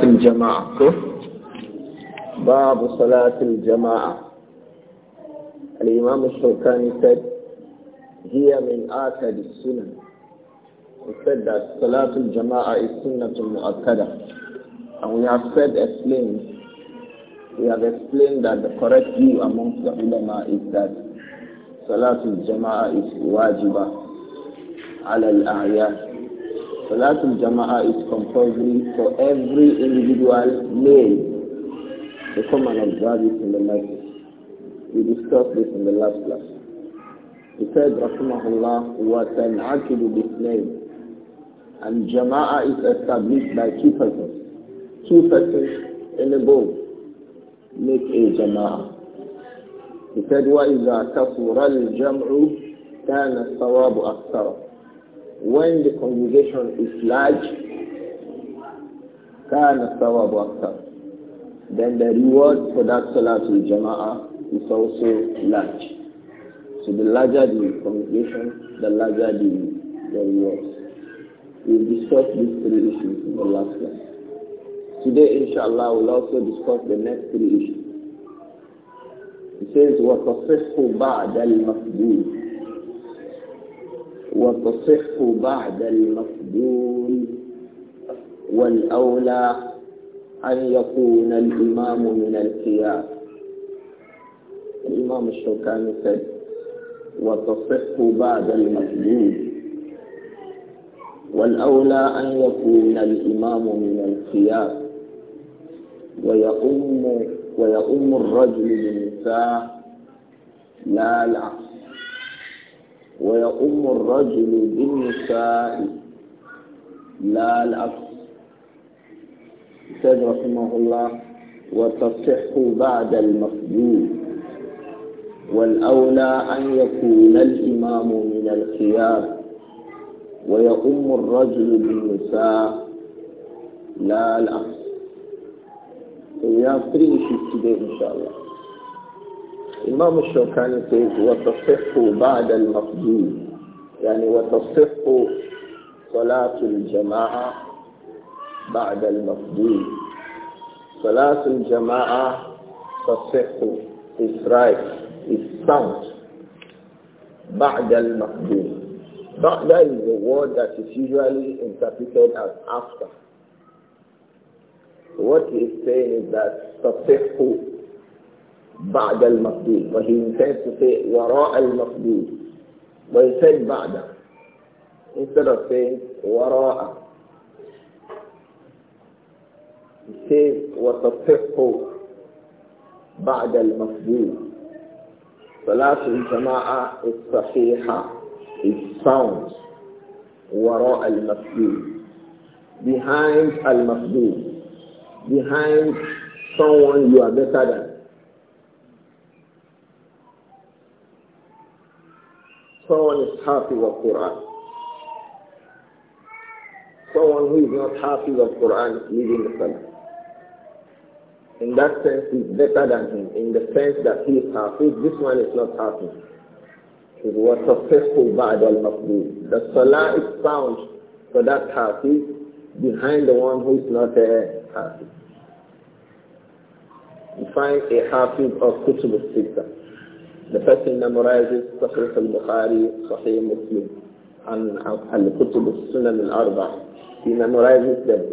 الجماعة باب صلاة الجماعة الإمام الشوكاني said هي من آكد السنن He said that صلاة jamaa is سنة مؤكدة and we have said explained we have explained that the correct view amongst the ulama is that Salatul Jama'ah is wajiba ala al-a'yad Salatul Jama'ah is compulsory for every individual male to come and observe it in the masjid. We discussed this in the last class. He said, Rahimahullah, وَتَنْعَكِدُ بِإِثْنَيْنِ And Jama'ah is established by two persons. Two persons in a bowl make a Jama'ah. He said, وَإِذَا كَثُرَ الْجَمْعُ كَانَ الثَّوَابُ أَكْثَرَ when the congregation is large, Then the reward for that Salatul Jama'ah is also large. So the larger the congregation, the larger the, the reward. We discussed these three issues in the last class. Today, inshallah, we'll also discuss the next three issues. It says, وَتَصِحُّ بَعْدَ الْمَقْبُولِ وتصح بعد المفضول والأولى أن يكون الإمام من الكياس الإمام الشوكاني قال وتصح بعد المفضول والأولى أن يكون الإمام من الكياس ويؤم ويؤم الرجل للنساء لا العقل ويؤم الرجل بالنساء لا الأصل سيد رحمه الله وتصح بعد المفجور والأولى أن يكون الإمام من الخيار ويؤم الرجل بالنساء لا العكس. So we have إن شاء الله Imam Shawkani says, وَتَصِحُّ بَعْدَ الْمَفْجُورِ يعني وَتَصِحُّ صلاة الجماعة بعد المفجور صلاة الجماعة تصح is right, is sound بعد المفجور بعد is a word that is usually interpreted as after. what he is saying is that تصح بعد المقدود, but he intends to say وراء المقدود. But he said بعد instead of saying وراء. He says بعد المقدود. صلاة الجماعة الصحيحة is وراء المقدود. Behind المقدود. Behind someone you are better than. Someone is happy with Quran. Someone who is not happy with Quran is leading the Salah. In that sense, he's better than him. In the sense that he is happy, this one is not happy. It was successful by would al The Salah is found for that happy behind the one who is not a uh, happy. You find a happy of Kutub al the person memorizes the Sahih al-Bukhari, Sahih Muslim, and Al-Qutub al-Sunan al-Arba. He memorizes them.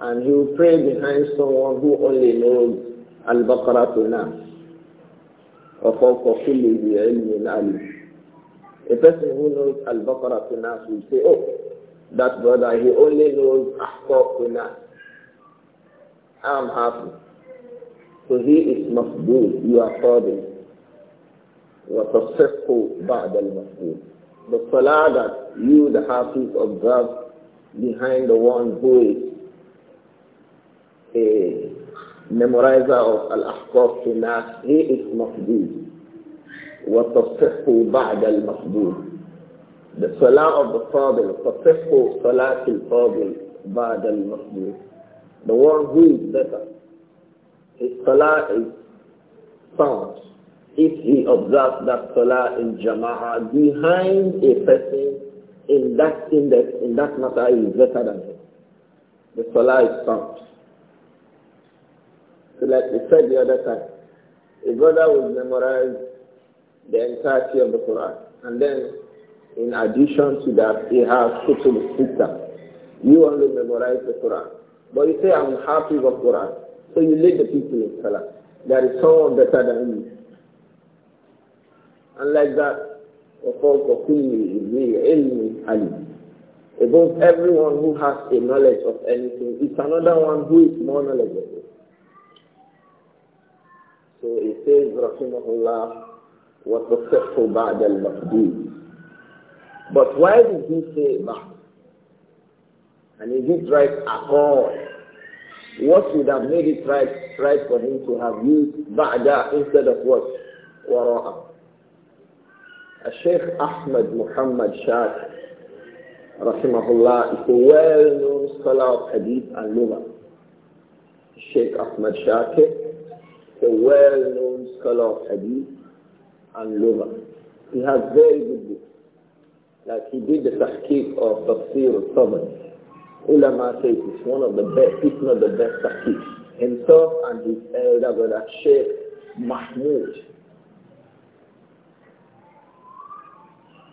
And he will pray behind someone who only knows Al-Baqarah to Nas. وَفَوْقَ كُلِّ ذِي عِلْمٍ عَلِيمٍ A person who knows Al-Baqarah to Nas will say, oh, that brother, he only knows Ahqaq to Nas. I'm happy. So he is mafdud, you are following. وتصح بعد المفعول the salah that you the hafiz observe behind the one who is a memorizer of al-ahqaf to he is mafdud وتصح بعد المفعول the salah of the fadil تصح صلاة الفاضل بعد المفعول the one who is better his salah is sound if he observes that salah in jama'ah behind a person in that in that in that matter is better than him. The salah is stopped. So like we said the other time, a brother will memorize the entirety of the Quran and then in addition to that he has the Sita. You only memorize the Quran. But you say I'm happy with Quran. So you lead the people in Salah. There is someone better than you. And like that, وَفَوْقَ of ذِي عِلْمٍ عَلِيمٍ Above everyone who has a knowledge of anything, it's another one who is more knowledgeable. So it says, Rahimahullah, وَتَصِحُّ بَعْدَ الْمَفْدِيدِ But why did he say that? And he it right at all. What would have made it right, right for him to have used ba'da instead of what? Wara'a. Sheikh Ahmed Muhammad Shah, rahimahullah, is a well-known scholar of hadith and lughah. Sheikh Ahmed Shakir, a well-known scholar of hadith and luma He has very good books. Like he did the tahqiq of Tafsir al-Tabari. Ulama says it's one of the best, if not the best tahqiq. Himself and his elder brother, Sheikh Mahmoud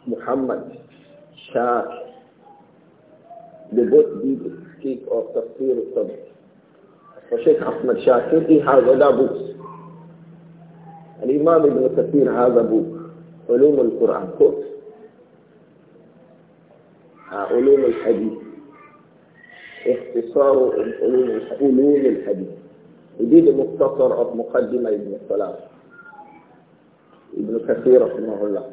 Muhammad, Shah, they both did speak of Tafsir al-Sabr. For Sheikh Ahmad Shakir, he has other books. الإمام ابن كثير هذا بوك علوم القرآن كتب علوم الحديث اختصار علوم علوم الحديث يديد مختصر أو مقدمة ابن السلام ابن كثير رحمه الله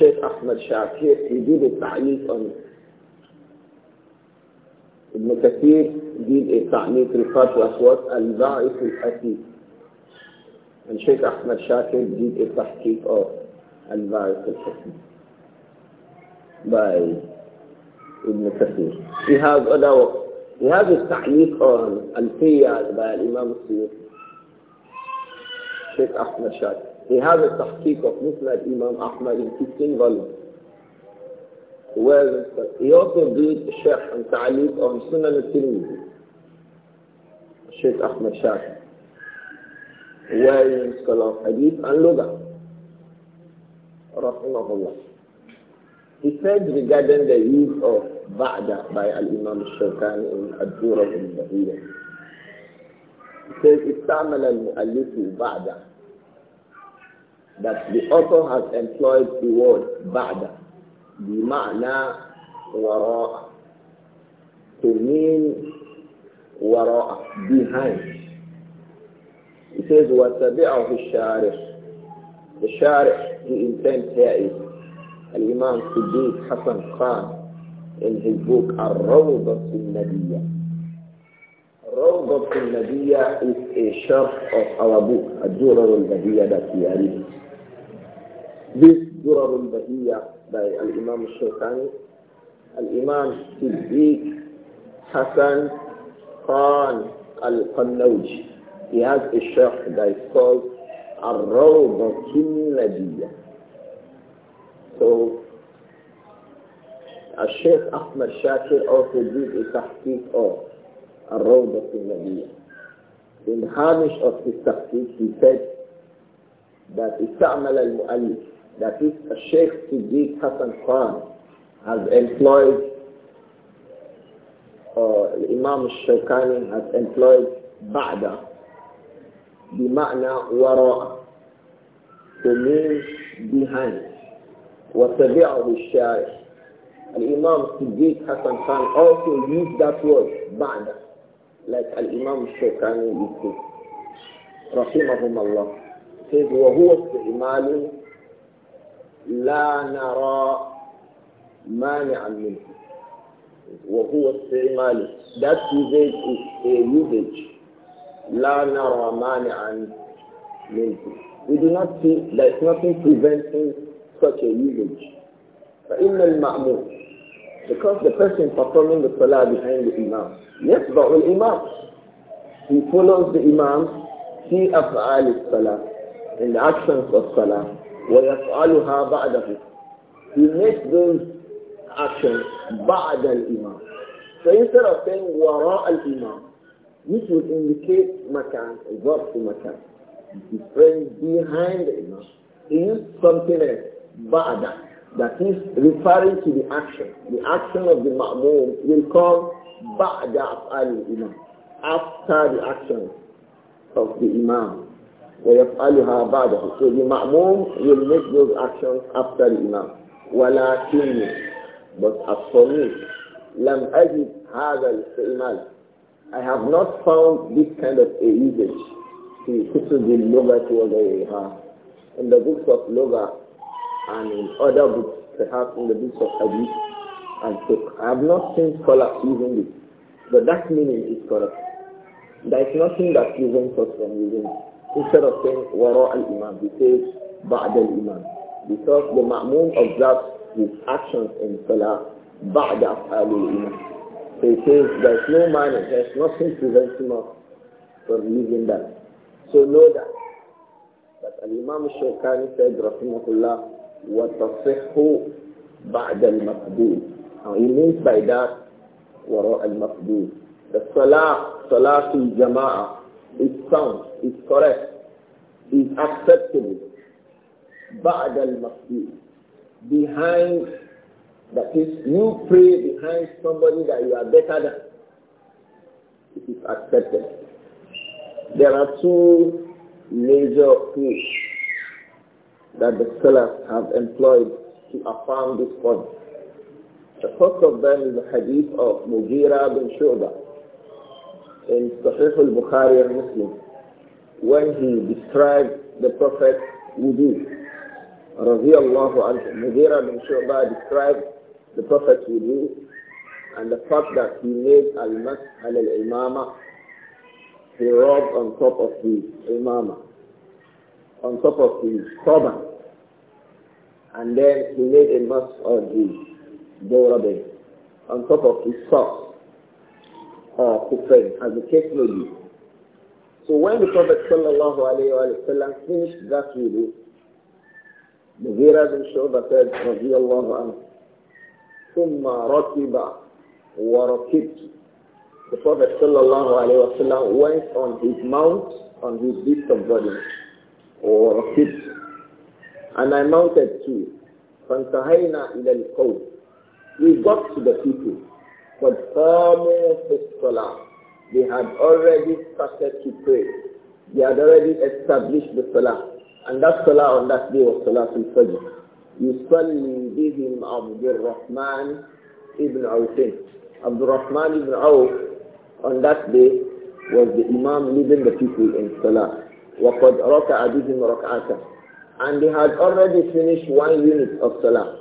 الشيخ أحمد شاكر يجيب التعليق عن ابن كثير يجيب التعليق رفات وأصوات الباعث الأتيك عن الشيخ أحمد شاكير يجيب التحقيق عن الباعث الأتيك باي ابن كثير في هذا أدوى في هذا التعليق عن الفيال باي الإمام السيوطي الشيخ أحمد شاكير He has a tahqiq of Muslim Imam Ahmad in 15 volumes. Well, he also did Sheikh and Ta'liq on Sunan al-Tirmidhi. Sheikh Ahmad Where Well, scholar of Hadith and Luga. Rahimahullah. He said regarding the use of Ba'da by Al-Imam Shawkani in Ad-Dura al-Bahiyya. He says, استعمل المؤلف بعد that the author has employed the word ba'da bima'na wara'a to mean wara'a behind. He says وَتَبِعَهُ الشَّارِعُ The shari' he intends here is Al-Imam Siddiq Hassan Khan in his book "الروضة Rawdat al nabiyya is a sharh of our book Ad-Durar al that we are reading. This Durar al by Al-Imam al-Shawkani, Al-Imam Siddiq Hassan Khan al-Qannawj. He has a sheikh that is called Ar-Rawdatun Nadiyya. So, al الشيخ Ahmad Shakir also did a تحقيق of al الروضة النبية. In Hamish of his تحقيق he said that استعمل المؤلف That is, Sheikh Siddiq Hassan Khan has employed, uh, Imam Shawkani has employed Ba'da, بمعنى وراء to mean behind وتبعه الشارع Imam Siddiq Hassan Khan also used that word "ba'da," like Imam الشوكاني يقول رحمهم الله says وهو لا نرى مانعا منه وهو استعمال that usage is a usage لا نرى مانعا منه we do not see there is nothing preventing such a usage فإن المأمور because the person performing the salah behind the imam Yes, but the imam, he follows the imam في أفعال الصلاة in the actions of salah وَيَفْعَلُهَا بَعْدَهُ He makes those actions بَعْدَ الْإِمَامِ So instead of saying وَرَاءَ الْإِمَامِ which would indicate مكان verb to makan. His friend behind the imam. He used something else, بعد that is referring to the action. The action of the ma'mum will come بعد af'al imam, after the action of the imam. ويفعلها بعده so the ma'mum will make those actions after the imam ولكني but as for me لم أجد هذا الاستعمال I have not found this kind of a usage في كتب اللغة وغيرها in the books of Loga and in other books perhaps in the books of Hadith and so I have not seen scholars using this but that meaning is correct there is nothing that prevents us from using it Instead of saying wara al-imam, he says ba'd al-imam. Because the ma'mum observes his actions in salah ba'd al-imam. So he says there's no man, there's nothing prevents him from leaving that. So know that. But al-imam al-Shawkani said, rahimahullah, وَتَصِحُّ بَعْدَ الْمَقْدُودِ and he means by that, وَرَاءَ الْمَقْدُودِ The salah, to jama'ah, is sound, is correct, is acceptable. بعد المسجد behind that is you pray behind somebody that you are better than it is accepted there are two major proofs that the scholars have employed to affirm this point the first of them is the hadith of Mughira bin Shu'bah in Sahih al-Bukhari and Muslim when he described the Prophet wudu. Radiallahu anhu, Mughira bin Shu'bah described the Prophet wudu and the fact that he made al-mas al-imama, he robbed on top of the imama, on top of the turban, and then he made a mask of the dawrabi, on top of his socks. Uh, or as the case may be. So when the Prophet sallallahu alayhi wa sallam finished that wudu, Mughira bin Shu'ba said, radiyallahu anhu, ثم ركب وركبت the Prophet sallallahu alayhi wa sallam went on his mount, on his beast of burden, or his, and I mounted too. فَانْتَهَيْنَا إِلَى الْقَوْمِ We got to the people salah. They had already started to pray. They had already established the salah. And that salah on that day was salah al-fajr. him Abu عبد rahman ibn Awfin. Abdul Rahman ibn Awf on that day was the Imam leading the people in Salah. وَقَدْ رَكَعَ بِهِمْ And they had already finished one unit of Salah.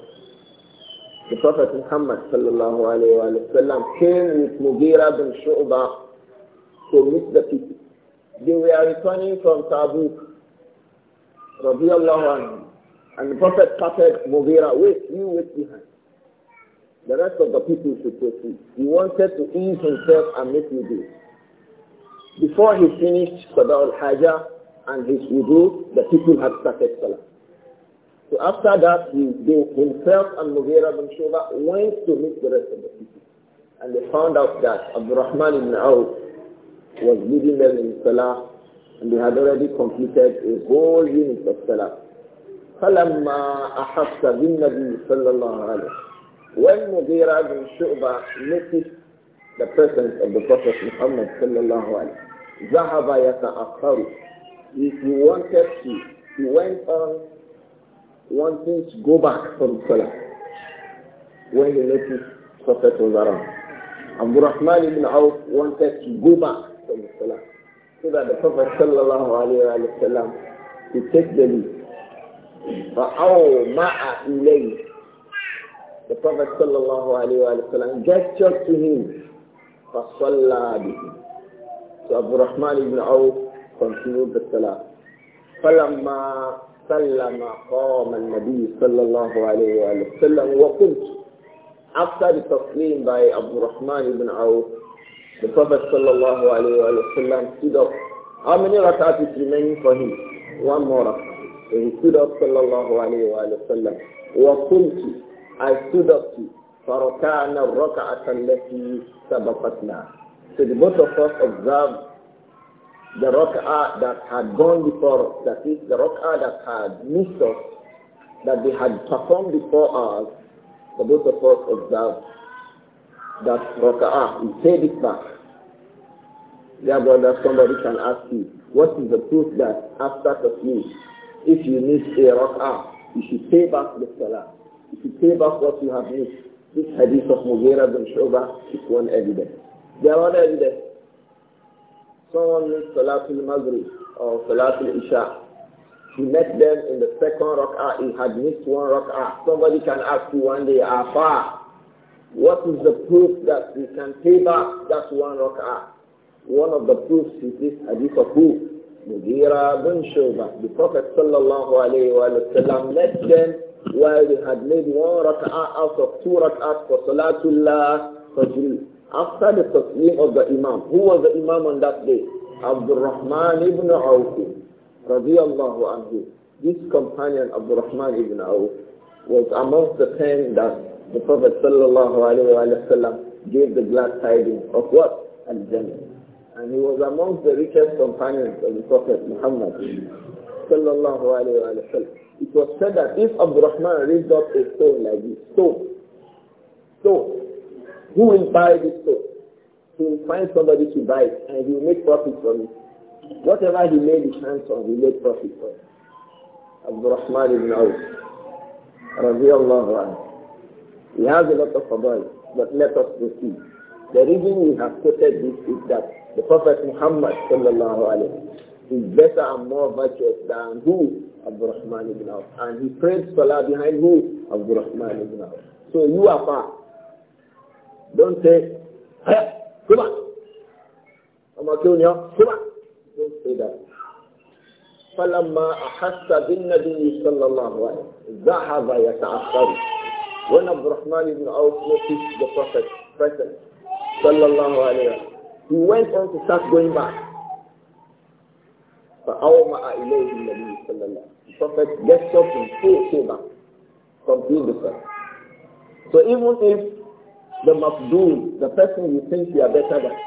The Prophet Muhammad sallallahu alayhi wa sallam came with Mughira bin Shu'ba to meet the people. They were returning from Tabuk, radiallahu anhu. And the Prophet started Mughira, wait, you wait behind. The rest of the people should proceed. He wanted to ease himself and make wudu. Before he finished Qadar al-Hajjah and his wudu, the people had started Salah. So after that, he, himself and Mughira bin Shuba went to meet the rest of the people. And they found out that Abdurrahman ibn Auf was leading them in Salah and they had already completed a whole unit of Salah. فَلَمَّا أَحَسَّ بِالنَّبِي صَلَّى اللَّهُ عَلَيْهِ When Mughira bin Shu'ba noticed the presence of the Prophet Muhammad sallallahu alayhi, ذَهَبَ يَتَأَخَّرُ If he wanted to, he went on wanting to go back from Salah when the noticed Prophet was around. Abu Rahman ibn Auf wanted to go back from Salah so that the Prophet sallallahu alayhi wa sallam could take the lead. فَأَوْ مَعَ إِلَيْهِ The Prophet sallallahu alayhi wa sallam gestured to him فَصَلَّى بِهِ So Abu Rahman ibn Auf continued the Salah. فَلَمَّا سلم قام النبي صلى الله عليه وسلم وقلت after the taslim by Abu Rahman ibn Auf the Prophet صلى الله عليه وسلم stood up how many rakat is remaining for him one more rakat so he stood up صلى الله عليه وسلم وقلت I stood up to فركعنا الركعة التي سبقتنا so the both of us observed the rock'ah that had gone before us, that is the rock'ah that had missed us, that they had performed before us, for those of us observed that rock'ah, we paid it back. Dear brother, somebody can ask you, what is the proof that after the few, if you miss a rock'ah, you should pay back the salah. You should pay back what you have missed. This hadith of Mughira bin Shoba is one evidence. There are other evidence. Someone made Salatul Maghrib or Salatul Isha. He met them in the second rak'ah. He had missed one rak'ah. Somebody can ask you one day, Afa, what is the proof that we can pay back that one rak'ah? One of the proofs is this hadith of who? Mughira bin Shuba. The Prophet sallallahu alayhi wa sallam met them while they had made one rak'ah out of two rak'ahs for Salatullah Fajr. After the taslim of the Imam, who was the Imam on that day? Abdurrahman ibn Awf, radiallahu anhu. This companion, Abdurrahman ibn Awf, was amongst the ten that the Prophet sallallahu alayhi wa gave the glad tidings of what? Al-Jannah. And he was amongst the richest companions of the Prophet Muhammad sallallahu alayhi wa It was said that if Abdurrahman raised up a stone like this, stone, stone, who will buy this book? He will find somebody to buy it and he will make profit from it. Whatever he made his hands on, he made profit from it. Abdurrahman ibn Awf, radiallahu anhu. He has a lot of fadail, but let us proceed. The reason we have quoted this is that the Prophet Muhammad sallallahu alayhi is better and more virtuous than who? Abdurrahman ibn Awf. And he prayed salah behind who? Abdurrahman ibn Awf. So you are far. Don't say, hey, come on. I'm a junior, come on. Don't say that. فلما أحس بالنبي صلى الله عليه وسلم ذهب يتعثر noticed the Prophet present sallallahu alayhi wa he went on to start going back فأومأ إليه النبي صلى الله عليه the Prophet gets up in full favor from being the so even if the mafdul, the person you think you are better than,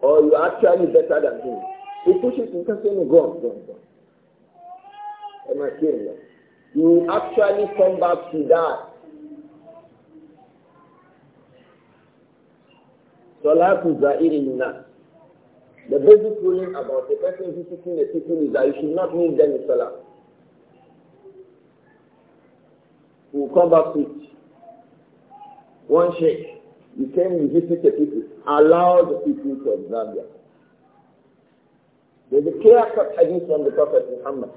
or you are actually better than him. He pushes you can say, go on, go on, go on. Am I kidding you? You actually come back to that. So, Salatu Za'irinuna. The basic ruling about the person visiting the people is that you should not meet them in Salah. We come back to it. One sheikh, he came and visited the people, allowed the people to observe them. There's a clear-cut hadith from the Prophet Muhammad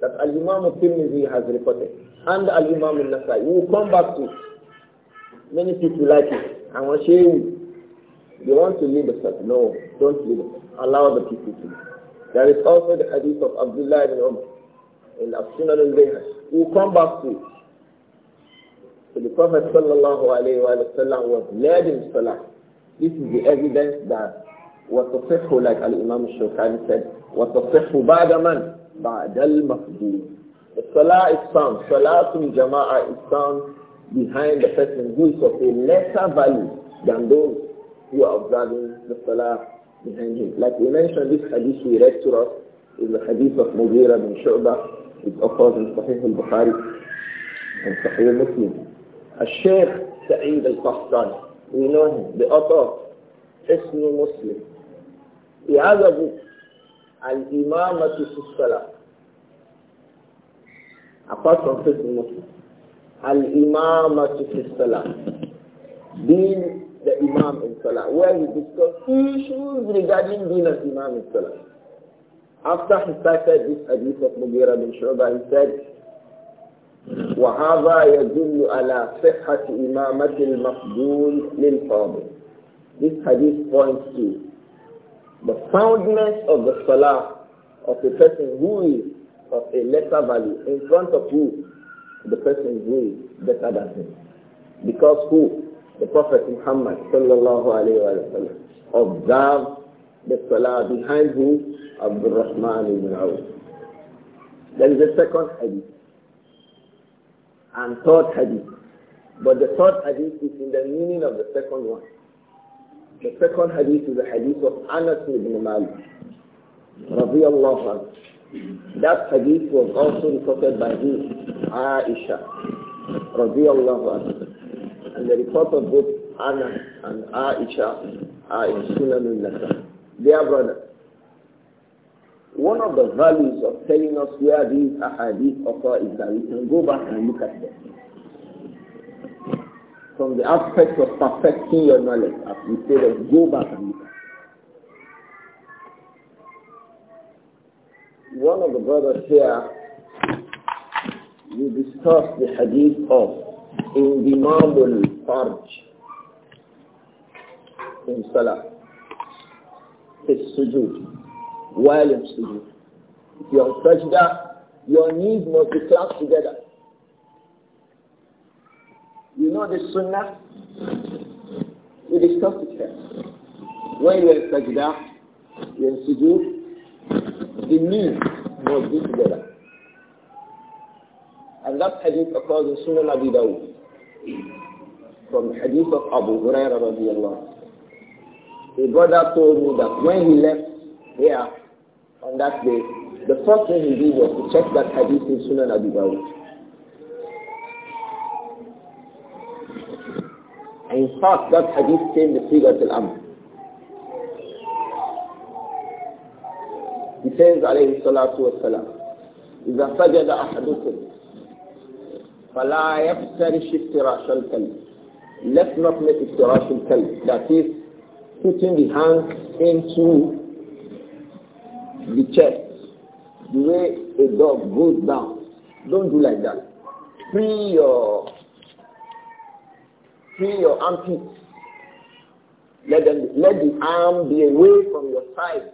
that Al-Imam al-Tirmidhi has reported and Al-Imam al-Nasai. We will come back to it. Many people like it. I want to share you. They want to leave the No, don't leave. the Allow the people to There is also the hadith of Abdullah ibn Umar in Al sunan al We will come back to it. So the Prophet sallallahu alayhi wa sallam was led in salah. This is the evidence that وَتَصِحُ like Al-Imam Shawkani said, the بَعْدَ مَنْ بَعْدَ الْمَفْجُورِ The salah is found, salatul jama'ah is found behind the person who is of a lesser value than those who are observing the salah behind him. Like we mentioned, this hadith we read to us is the hadith of Mughira bin Shu'bah. It occurs in Sahih al-Bukhari and Sahih al-Muslim. الشيخ سعيد القحطاني we know him بقطر اسمه مسلم يعجبه الإمامة في الصلاة apart from faith in Muslim الإمامة في الصلاة being the Imam in Salah where he discussed issues regarding being an Imam in Salah after he cited this hadith of Mughira bin Shu'bah he said وهذا يدل على صحة إمامة المقبول للفاضل. This hadith points to the soundness of the salah of a person who is of a lesser value in front of who? The person who is better than him. Because who? The Prophet Muhammad sallallahu alayhi wa sallam observed the salah behind who? Abdul Rahman ibn Awf. There is a second hadith and third hadith. But the third hadith is in the meaning of the second one. The second hadith is the hadith of Anas ibn Malik. Radiallahu That hadith was also reported by him, Aisha. Radiallahu And the report of both Anas and Aisha are in Sunan al-Nasai. Dear brothers, one of the values of telling us where these ahadith occur is that we can go back and look at them. From the aspect of perfecting your knowledge, as we say, let's go back and look at them. One of the brothers here, we discussed the hadith of in the marble Farj in Salah, his sujood while in sujood. If you're on sajda, your knees must be clasped together. You know the sunnah? We discussed it here. When you're in sajda, you're in sujood, the knees must be together. And that hadith occurs in Sunnah Abi Dawud from hadith of Abu Hurairah radiallahu. A brother told me that when he left here on that day, the first thing he did was to check that hadith in Sunan Abu Dawud. And in fact, that hadith came the figure al Amr. He says, alayhi salatu wasalam, إذا سجد أحدكم فلا يفترش افتراش الكلب. Let's not make iftirash al-kalb. That is, putting the hands into the chest, the way a dog goes down. Don't do like that. Free your free your armpits. Let them let the arm be away from your side.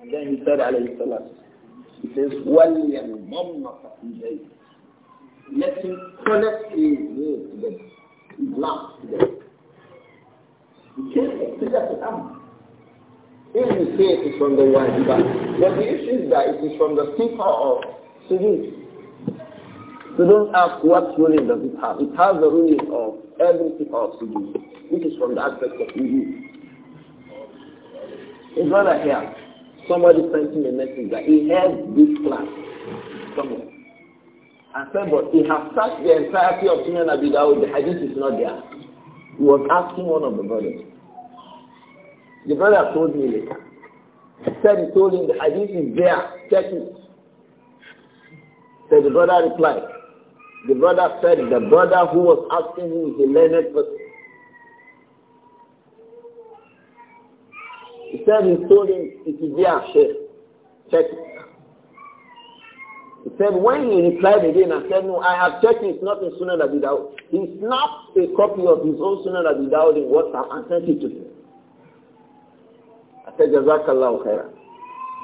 And then he said, alayhi salam, he says, وَلْيَنْضَمَّ Let him connect his legs, to the Islam today. He can't express the arm. If you say it is from the wajiba, but the issue is that it is from the people of Sudan. So don't ask what ruling does it have. It has the ruling of every people of Sudan, which is from the aspect of sujood. His brother here, somebody sent him a message that he has this class somewhere. And said, but he has touched the entirety of Sunan Abidah. the hadith is not there. He was asking one of the brothers, the brother told me later. He said he told him the hadith is there, check it. So the brother replied. The brother said the brother who was asking him is a learned person. He said he told him it is there, Sheikh. Check it. He said when he replied again and said, no, I have checked it, it's not in Sunan Abi He snapped a copy of his own Sunan Abi Dawud in WhatsApp and sent it to him say Jazakallahu khairan.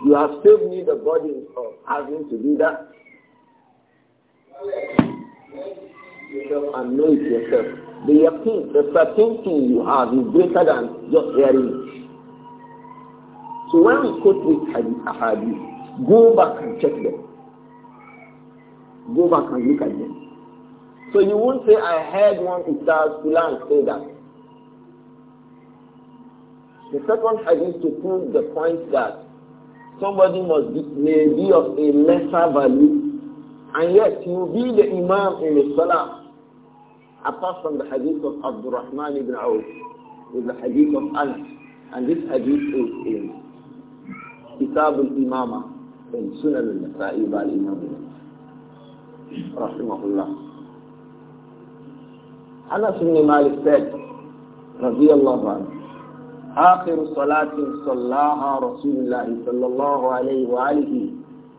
You have saved me the burden of having to do that. and know it yourself. The yaqeen, the certainty you have is greater than just hearing. So when we quote this hadith, hadith, go back and check them. Go back and look at them. So you won't say, I heard one Ustaz Fulan say that. The second hadith to prove the point that somebody must be, may be of a lesser value and yet he will be the imam in the salah apart from the hadith of Abdul ibn Awf with the hadith of Anas and this hadith is in Kitab al-Imama in Sunan al-Nasa'i by Imam Rahimahullah Anas ibn Malik said رضي الله عنه آخر صلاة صلاها رسول الله صلى الله عليه وآله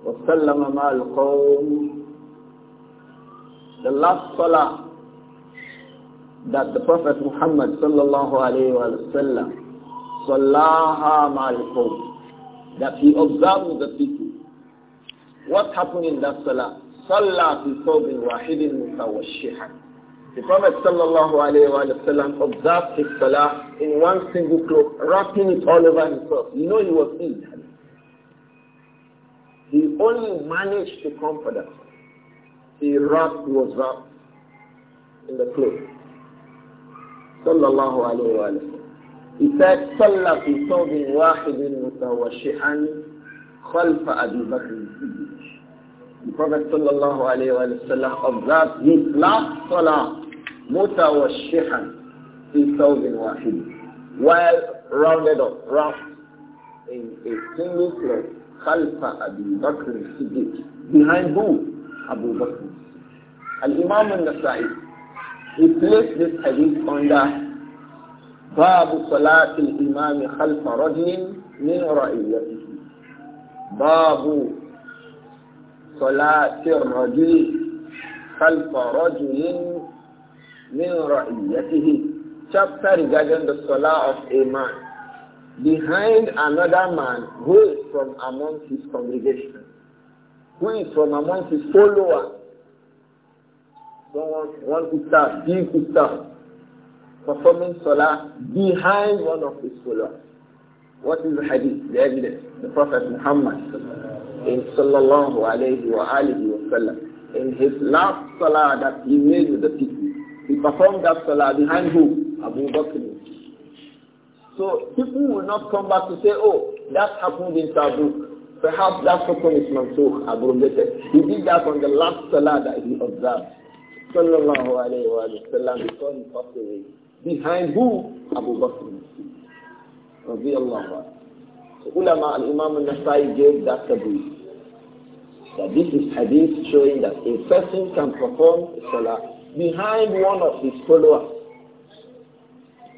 وسلم مع القوم The last salah that the Prophet Muhammad صلى الله عليه وسلم صلاها مع القوم that he observed with the people What happened in that salah? صلى في صوب واحد متوشحا The Prophet وسلم, observed his salah in one single cloth, wrapping it all over himself. You know he was ill. He only managed to comfort us. He wrapped, was wrapped in the cloth. Sallallahu alayhi wa sallam. He said, صلى في ثوب واحد متوشحا خلف أبي بكر The Prophet sallallahu alayhi wa sallam observed his last salah mutawashihan fi thawbin wahid while rounded up wrapped in a single cloth khalfa Abu Bakr Siddiq behind who? Abu Bakr Al-Imam al-Nasai he placed this hadith under باب صلاة الإمام خلف رجل من رعيته باب صلاة الرجل خلف رجل min ra'iyatihi. Chapter regarding the salah of a man behind another man who is from among his congregation, who is from among his followers. Someone, one ustaz, big ustaz, performing salah behind one of his followers. What is the hadith, the evidence? The Prophet Muhammad in sallallahu alayhi wa alihi wa sallam in his last salah that he made with the people he performed that salah behind who? Abu Bakr. So people will not come back to say, oh, that happened in Tabuk. Perhaps that hukum is mansukh, abrogated. He did that on the last salah that he observed. Sallallahu alayhi wa sallam, before he passed away. Behind who? Abu Bakr. Radiallahu anhu. So ulama al-imam al-Nasai gave that taboo. That this is hadith showing that a person can perform salah behind one of his followers.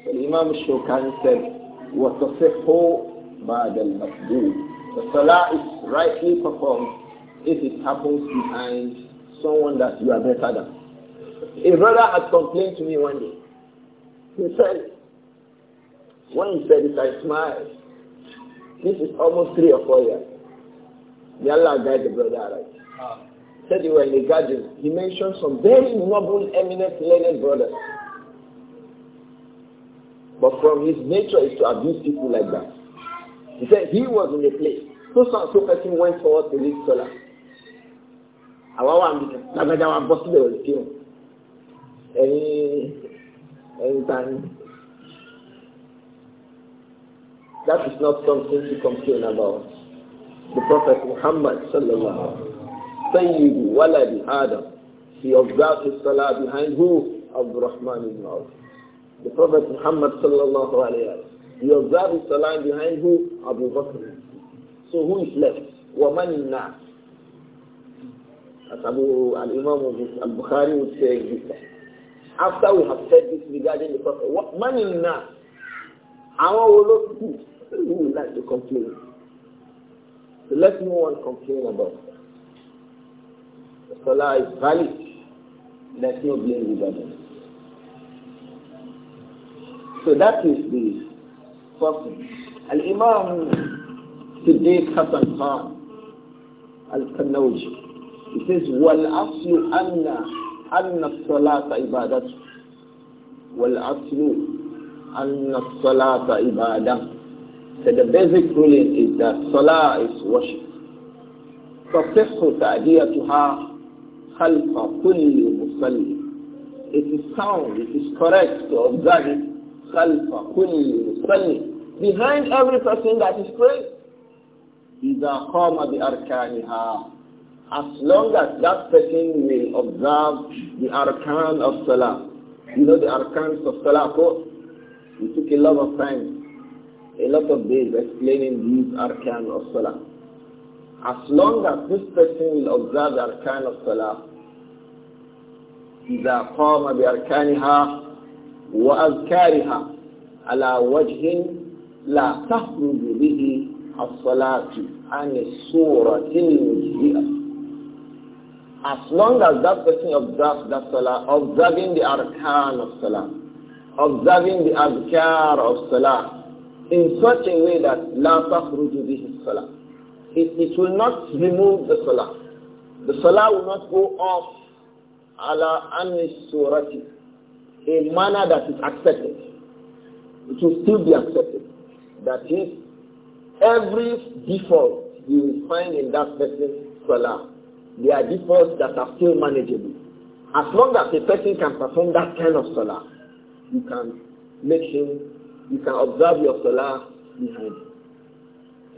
So Imam Shokani said, وَتَصِحُّ بَعْدَ الْمَسْجُودِ The salah is rightly performed if it happens behind someone that you are better than. A brother had complained to me one day. He said, when he said it, I smiled. This is almost three or four years. The Allah guide the brother right. Ah said they were in the garden, he mentioned some very noble, eminent, learned brothers. But from his nature is to abuse people like that. He said he was in the place. So some so person went forward to this scholar. Àwọn one mi lágbàdá wa That is not something to complain about. The Prophet Muhammad sallallahu alaihi wa sallam. Sayyidu Waladi Adam. He observed his salah behind who? Abdurrahman ibn Auf. The Prophet Muhammad sallallahu alayhi wa وسلم observed his salah behind who? Abu Bakr. So who is left? وَمَنِ النَّاسِ As Abu al-Imam al-Bukhari would say this After we have said this regarding the Prophet, وَمَنِ النَّاسِ Our of not who would like to complain. So let no one complain about that. Salah is valid. Let's not blame the others. So that is the first. Al Imam today Hassan Khan Al Kanoj. He says, Wal Aslu Anna Anna Salata Ibadat. Wal Aslu Anna Salata Ibadat. So the basic ruling is that Salah is worship. Successful Ta'diyatuha. So خلف كل مصلي It is sound, it is correct to observe it. خلق كل مصلي Behind every person that is praying. إذا قام بأركانها As long as that person will observe the arkan of salah. You know the arkans of salah, we took a lot of time, a lot of days explaining these arkan of salah. As long as this person will observe the arkan of salah, إذا قام بأركانها وأذكارها على وجه لا تخرج به الصلاة عن As long as that person observes that salah, observing the arkan of salah, observing the adhkar of salah, in such a way that لا تخرج به الصلاة. It, it will not remove the salah. The salah will not go off ala a manner that is accepted. It will still be accepted. That is, every default you will find in that person's salah, there are defaults that are still manageable. As long as a person can perform that kind of salah, you can make him, you can observe your salah behind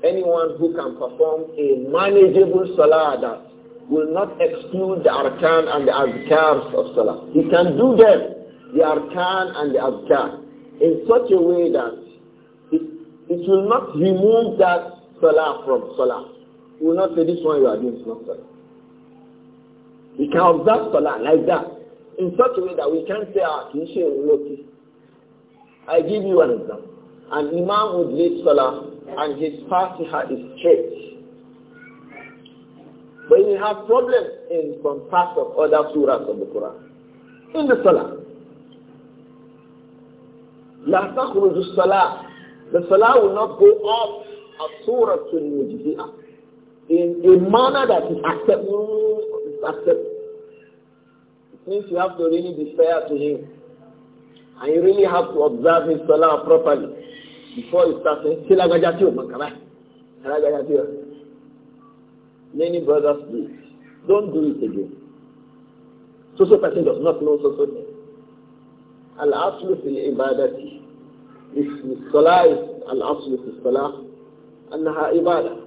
Anyone who can perform a manageable salah that will not exclude the arkan and the azkars of salah. He can do them, the arkan and the azkar, in such a way that it, it will not remove that salah from salah. He will not say this one you are doing is not salah. We can observe salah like that in such a way that we can say, ah, kì í I give you an example. An imam would lead salah and his fatiha is straight. But you have problems in some parts of other surahs of the Quran. In the salah. La takhruju salah. The salah will not go off a surah to mujizia in a manner that is acceptable. It's acceptable. It means you have to really be fair to him. And you really have to observe his salah properly before you start saying, Many brothers do it. Don't do it again. So-so person does not know so-so name. Al-aslu fil ibadati. If salah is al-aslu fil salah, annaha ibadah.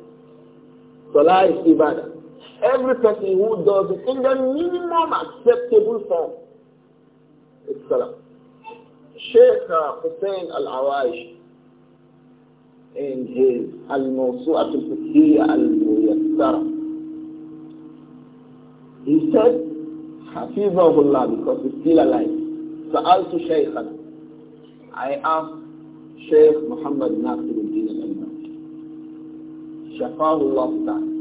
Salah is ibadah. Every person who does it in the minimum acceptable form it's salah. Sheikh Hussein Al-Awaish in his Al-Mawsu'at al-Fiqhiyya al-Muyassara he said, Hafizahullah, because he's still alive. Sa'altu Shaykhan. I asked Shaykh Muhammad Nasiruddin al-Albani. Shafahullah ta'ala.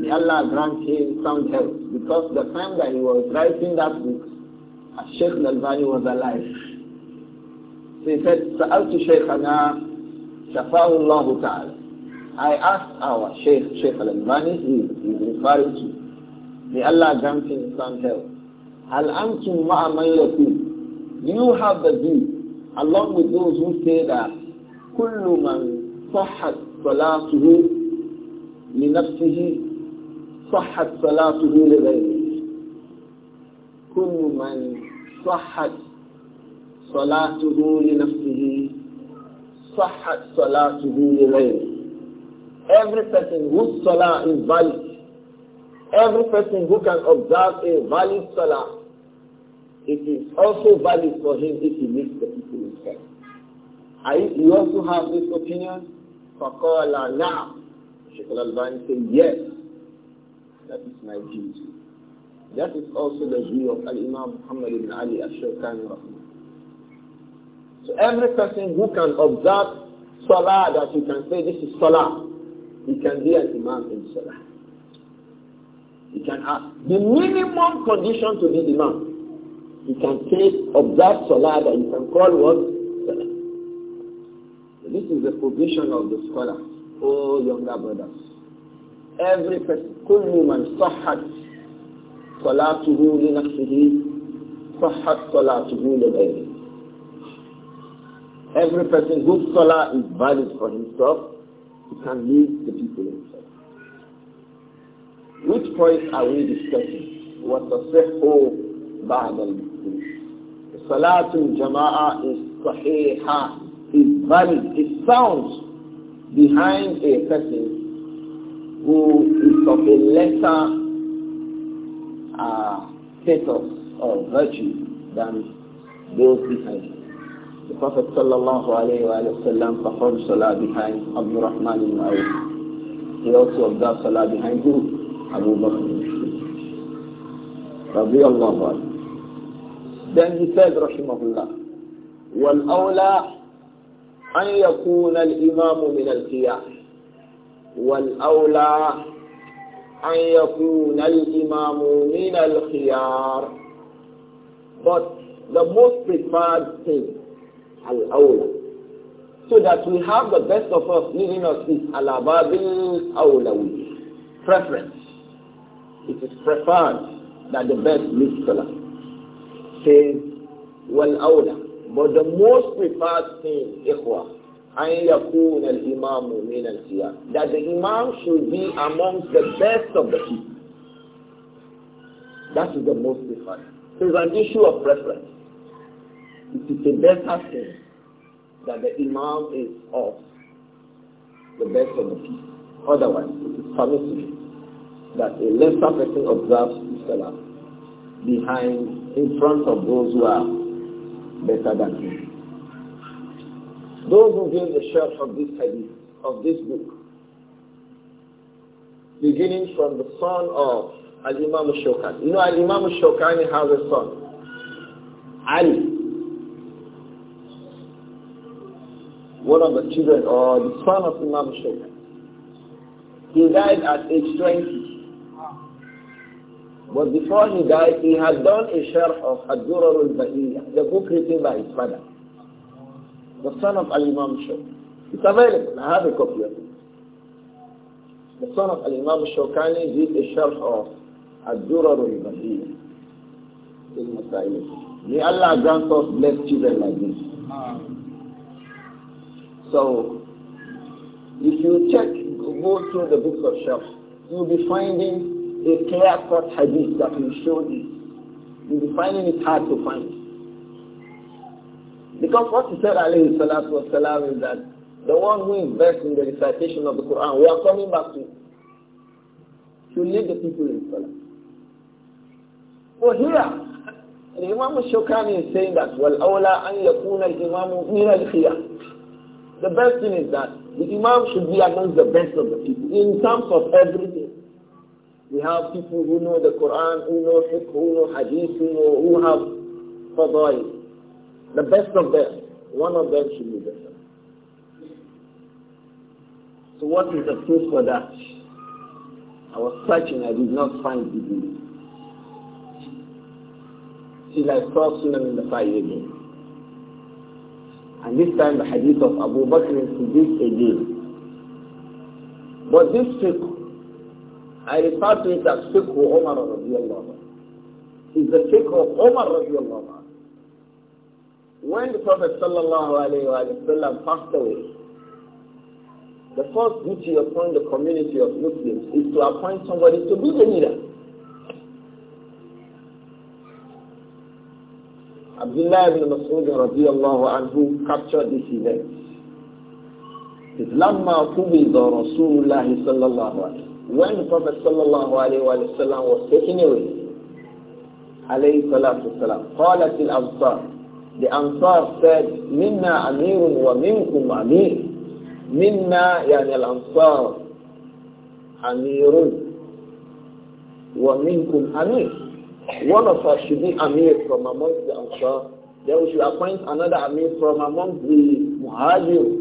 May Allah grant him sound health. Because the time that he was writing that book, Shaykh al was alive. So he said, Sa'altu Shaykhana, Shafahullah ta'ala. I asked our Shaykh, Shaykh al-Albani, he is referring to May Allah grant him sound health. Al antum ma'aman You have the view, along with those who say that كل من صحت صلاته لنفسه صحت صلاته لغيره. كل من صحت صلاته لنفسه صحت صلاته لغيره. Every person whose salah is valid Every person who can observe a valid salah, it is also valid for him if he meets the people in I, You also have this opinion? فَقَالَ نَعْمُ Sheikh al-Albani said, yes, that is my view That is also the view of Al-Imam Muhammad ibn Ali al-Shawkani So every person who can observe Salah that you can say this is Salah, he can be an Imam in Salah. You can ask. The minimum condition to be the man. You can take, observe Salah that you can call what? Salah. This is the position of the scholar. Oh, younger brothers. Every person, كل من صحت صلاته لنفسه صحت صلاته لغيره. Every person whose salah is valid for himself, he can lead the people himself. Which point are we discussing? وَتَصِحُّ بَعْدَ الْمُسْلِمِ Salat al-Jama'ah is sahiha, is valid, is sound behind a person who is of a lesser uh, status or virtue than those behind him. The Prophet sallallahu alayhi wa sallam performed salah behind Abdurrahman ibn Awf. He also observed salah behind who? Abu Bakr رضي الله عنه Then he said رحمه الله والأولى أن يكون الإمام من الخيار والأولى أن يكون الإمام من الخيار but the most preferred thing الأولى so that we have the best of us living us is al-ababil awlawi preference It is preferred that the best leads Salah. Says, well, older, But the most preferred thing, ikhwah, أن يكون الإمام من الخيار that the imam should be amongst the best of the people that is the most preferred so it's an issue of preference it is the better thing that the imam is of the best of the people otherwise it is permissible that a lesser person observes Salah behind, in front of those who are better than him. Those who give the shelf of this hadith, of this book, beginning from the son of Al-Imam Shokan. You know, Al-Imam Shokani has a son, Ali. One of the children, or the son of Imam Shokan. He died at age 20. But before he died, he had done a share of ad al the book written by his father, the son of Al-Imam It's available. I have a copy of it. The son of Al-Imam Shawkani did a share of Ad-Durar al-Bahiyya. May Allah grant us blessed children like this. So, if you check, go through the book of Shaf, you'll be finding a clear-cut hadith that will show this. You'll be finding it hard to find. Because what he said alayhi salatu wasalam is that the one who invests in the recitation of the Quran, we are coming back to to lead the people in Salah. Well here, the Imam Shokani is saying that well awla an yakuna al-imamu min The best thing is that the Imam should be amongst the best of the people in terms of everything. We have people who know the Quran, who know fiqh, who know hadith, who, know, who have fadail. The best of them, one of them should be better. So what is the proof for that? I was searching, I did not find the proof. Till I saw Sunan in the fire again. And this time the hadith of Abu Bakr is this again. But this fiqh I refer to it as Fiqh Umar radiallahu It's the Fiqh of Umar radiallahu When the Prophet sallallahu alayhi wa passed away, the first duty upon the community of Muslims is to appoint somebody to be the leader. Abdullah ibn Mas'ud radiallahu anhu captured this event. إذ لما قبض رسول الله صلى الله عليه when the Prophet sallallahu alayhi wa sallam was taken away, alayhi salatu wasalam, قالت الأنصار The Ansar said, minna منا أمير ومنكم أمير منا يعني الأنصار wa ومنكم أمير One of us should be Amir from amongst the Ansar. Then we should appoint another Amir from amongst the Muhajir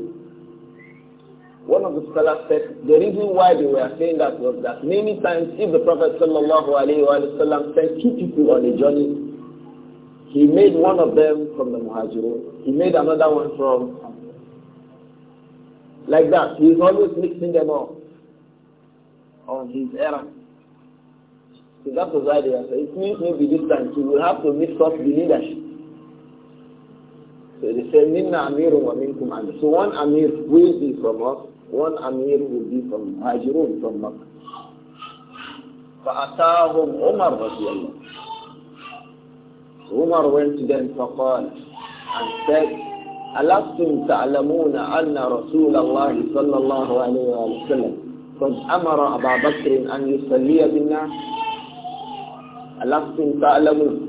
one of the scholars said the reason why they were saying that was that many times if the Prophet sallallahu alaihi wasallam sent two people on a journey, he made one of them from the Muhajirun. He made another one from like that. He is always mixing them up on his errand. So that was why they are saying, it means maybe this time he will have to mix up the leadership. So they say, Minna Amirun wa Minkum Amir. So one Amir will be from us, والأمير Amir هاجرون في مكة فأتاهم عمر رضي الله عمر went to them فقال and said ألستم تعلمون أن رسول الله صلى الله عليه وسلم قد أمر أبا بكر أن يصلي بالناس ألستم تعلمون